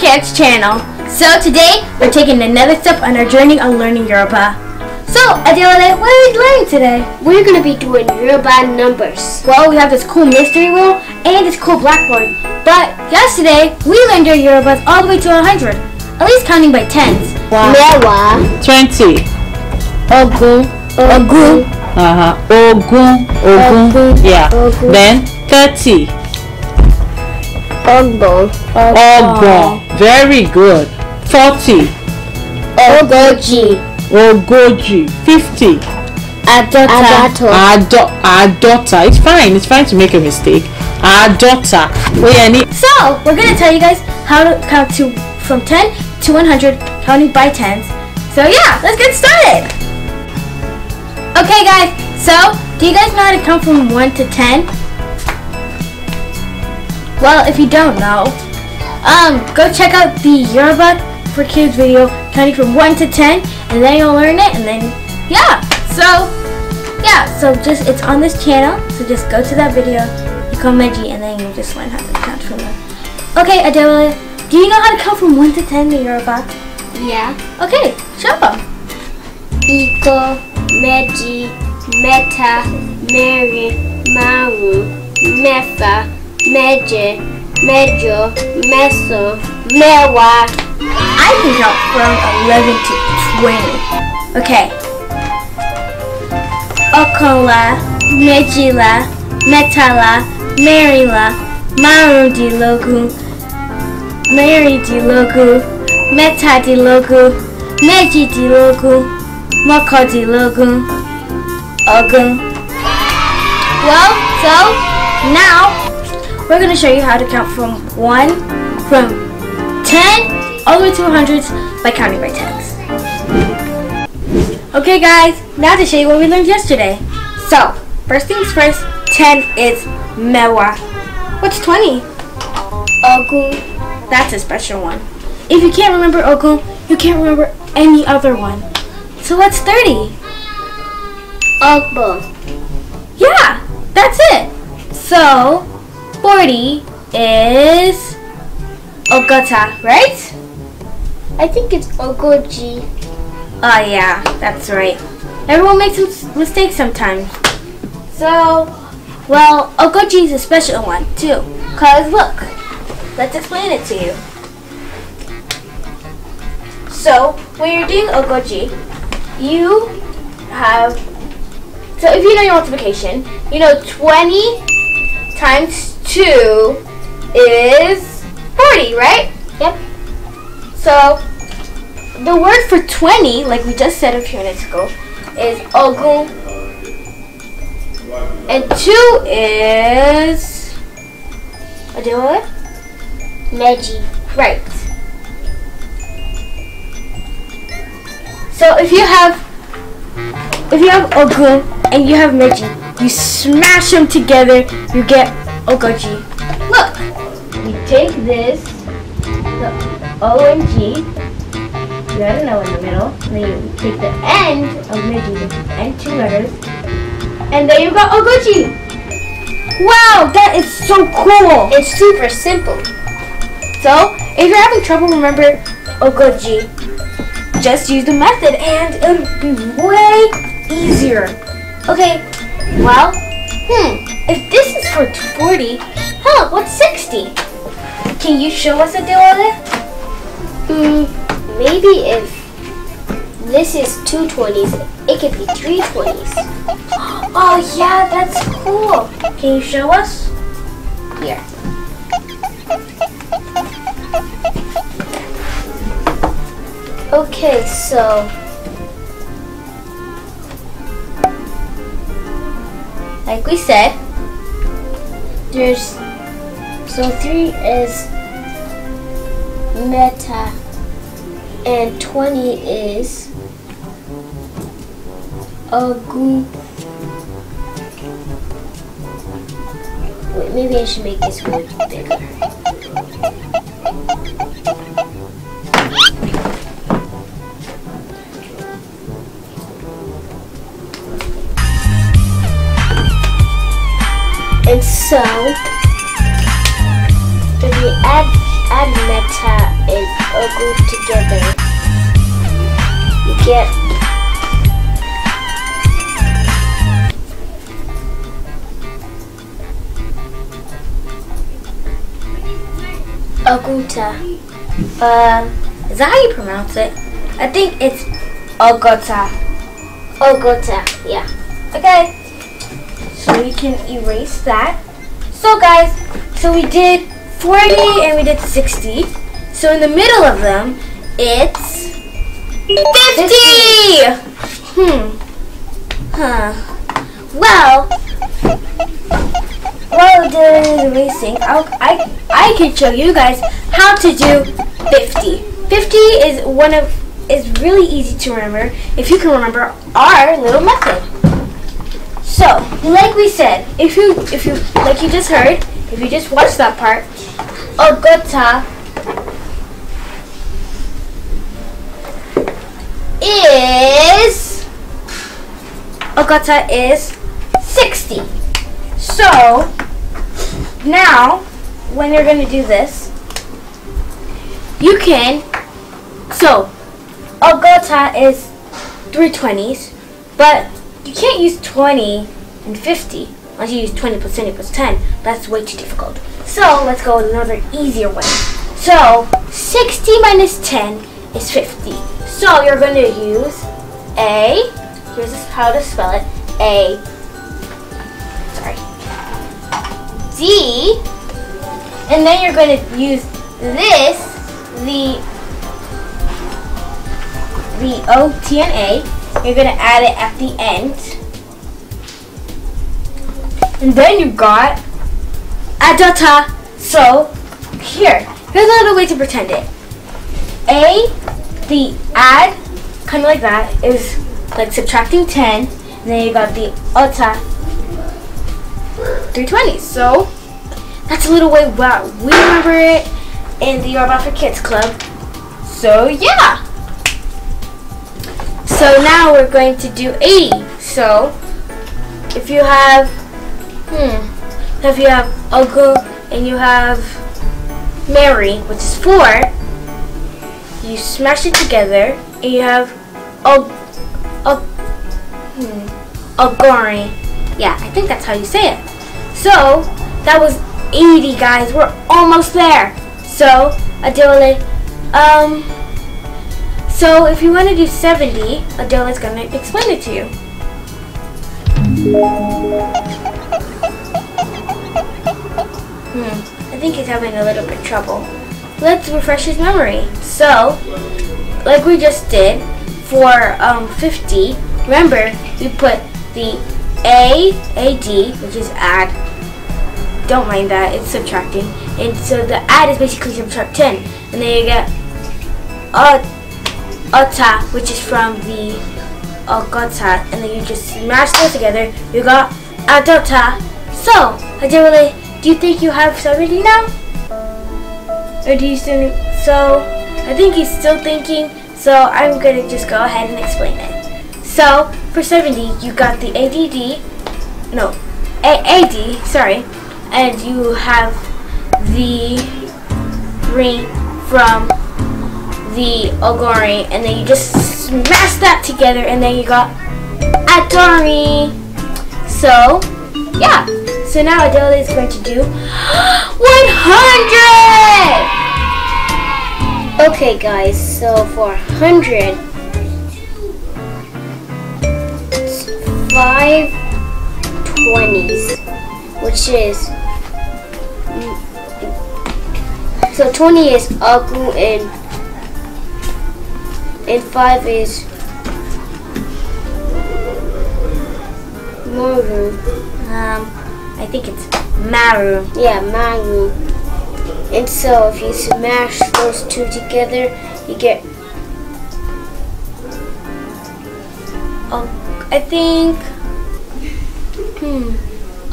Cat's channel. So today, we're taking another step on our journey on learning Yoruba. So, Adeola, what are we learning today? We're going to be doing Yoruba numbers. Well, we have this cool mystery wheel and this cool blackboard. But yesterday, we learned our Yorubas all the way to 100, at least counting by tens. Wow. Mẹ́wàá. 20. Ogún. Ogún. Uh-huh. Ogún. Ogún. Yeah. Then 30. Ogbon. Ogbon. Very good. Forty. Ogójì. Ogójì. Fifty. daughter. A Àádọ́ta. It's fine. It's fine to make a mistake. Àádọ́ta. Oya So, we're going to tell you guys how to count to from 10 to 100 counting by tens. So yeah, let's get started. Okay guys, so do you guys know how to count from 1 to 10? Well, if you don't know, um, go check out the Yearbook for Kids video, counting from 1 to 10, and then you'll learn it, and then, yeah. So, yeah, so just, it's on this channel, so just go to that video, you call Meggie, and then you just learn how to count from there. Okay, Adela, do you know how to count from 1 to 10 in Yoruba? Yeah. Okay, show them. Ito, Meji, Meta, Mary, Maru, Mefa, médzie, medzio, meso, mewa. I think I've grown 11 to 20. Okay. Okola, Nejila, Metala, Marila, Maru di Logu, Mary di Logu, Meta di Logu, Neji di Logu, Moko di Logu, Ogun. Well, so now we're going to show you how to count from 1, from 10, all the way to 100s by counting by tens. Okay guys, now to show you what we learned yesterday. So, first things first, 10 is mewa. What's 20? Oku. That's a special one. If you can't remember Oku, you can't remember any other one. So what's 30? Ogbon. Yeah, that's it. So, 40 is Ogata, right? I think it's Ogoji. Oh yeah, that's right. Everyone makes mistakes sometimes. So, well, Ogoji is a special one too. Cause look, let's explain it to you. So, when you're doing Ogoji, you have, so if you know your multiplication, you know 20 times 2 is 40, right? Yep. So, the word for 20, like we just said a few minutes ago, is ogun. And 2 is... What do what? Meji. Right. So if you have... If you have ogun and you have meji, you smash them together, you get Oh, Gucci. Look! We take this, the O and G, you gotta know in the middle, and then you take the end of the and two letters, and there you go, Oh, Gucci! Wow, that is so cool! It's super simple. So, if you're having trouble, remember Oh, Just use the method and it'll be way easier. Okay, well, Hmm, if this is for 40, huh, what's 60? Can you show us a deal on it? Hmm, maybe if this is two 20s, it could be three 20s. Oh yeah, that's cool. Can you show us? Here. Okay, so like we said, there's so three is meta and 20 is agu. Wait, maybe I should make this one bigger. And so, the ad, ad meta and Ogle together, you get aguta. Um, is that how you pronounce it? I think it's aguta. Aguta. yeah. Okay so we can erase that. So guys, so we did 40 and we did 60. So in the middle of them, it's 50! 50! Hmm. Huh. Well, while doing erasing, I'll, I, I can show you guys how to do 50. 50 is one of, is really easy to remember if you can remember our little method. So, like we said, if you if you like you just heard, if you just watched that part, Ogota is Ogata is 60. So now when you're gonna do this, you can so Ogata is 320s, but you can't use 20 and 50 unless you use 20 plus 20 plus 10. That's way too difficult. So let's go with another easier way. So 60 minus 10 is 50. So you're going to use A. Here's how to spell it. A. Sorry. D. And then you're going to use this, the, the O, T, and A. You're gonna add it at the end. And then you got a data. So here, here's another way to pretend it. A, the add, kind of like that, is like subtracting 10. And then you got the ota, 320. So that's a little way wow, we remember it in the Yoruba for Kids Club. So yeah. So now we're going to do 80. So if you have, hmm, if you have Uncle and you have Mary, which is 4, you smash it together and you have a, a, hmm, gory. Yeah, I think that's how you say it. So that was 80 guys, we're almost there. So, Adele, um, so if you want to do 70, Adele is going to explain it to you. Hmm, I think he's having a little bit trouble. Let's refresh his memory. So, like we just did for um, 50, remember we put the A, AD, which is add, don't mind that, it's subtracting. And so the add is basically subtract 10. And then you get, uh, Ota, which is from the Ogota, and then you just smash those together. You got Adota. So, Hajimele, do you think you have somebody now? Or do you still so I think he's still thinking, so I'm gonna just go ahead and explain it. So for 70 you got the ADD no A AD sorry and you have the ring from the Ogori, and then you just smash that together, and then you got Atari. So, yeah. So now Adele is going to do 100! Okay, guys, so for 100, it's five 20s, which is so 20 is Agu and and five is Maru. Um, I think it's Maru. Yeah, Maru. And so if you smash those two together, you get. Oh, I think. Hmm.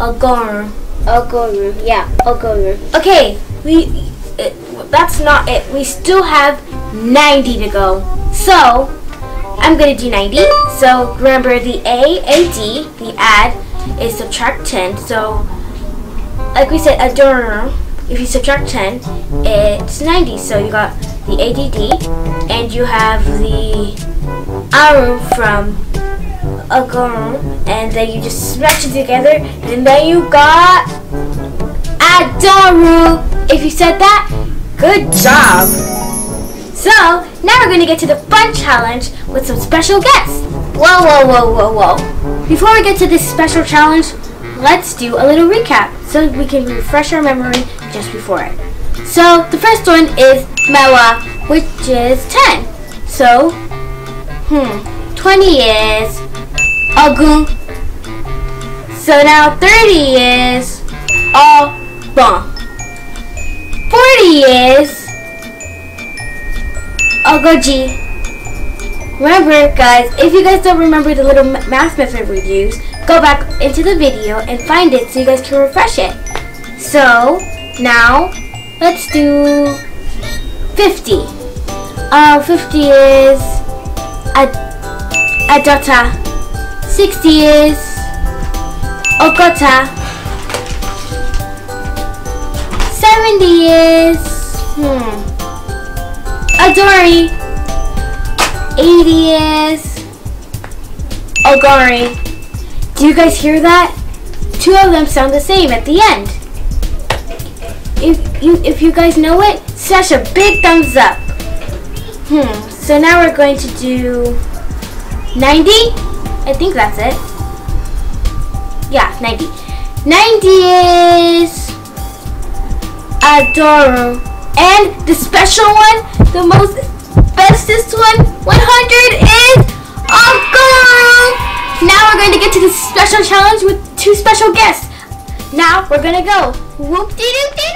Agar. Agar. Yeah, Agar. Okay, we it, that's not it. We still have 90 to go. So, I'm going to do 90. So, remember the A, AD, the add, is subtract 10. So, like we said, adorn, if you subtract 10, it's 90. So, you got the ADD, and you have the arum from a agorm, and then you just smash it together, and then you got adoru. If you said that, good job. So, now we're going to get to the fun challenge with some special guests. Whoa, whoa, whoa, whoa, whoa. Before we get to this special challenge, let's do a little recap so we can refresh our memory just before it. So, the first one is Mewa, which is 10. So, hmm, 20 is Agung. So now 30 is Abang. 40 is ogoji. Remember, guys, if you guys don't remember the little math method reviews, go back into the video and find it so you guys can refresh it. So, now, let's do 50. Uh, 50 is Ad Adota. 60 is Okota. 70 is... Hmm. Adori. 80 is... Ogari. Do you guys hear that? Two of them sound the same at the end. If you, if you guys know it, smash a big thumbs up. Hmm, so now we're going to do 90? I think that's it. Yeah, 90. 90 is... Adoro. And the special one, the most bestest one, 100 is Uncle. Now we're going to get to the special challenge with two special guests. Now we're gonna go. Whoop dee doo dee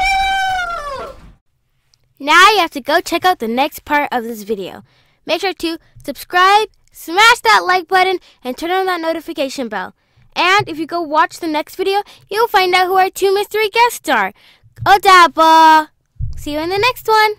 doo! Now you have to go check out the next part of this video. Make sure to subscribe, smash that like button, and turn on that notification bell. And if you go watch the next video, you'll find out who our two mystery guests are. Odabo. See you in the next one.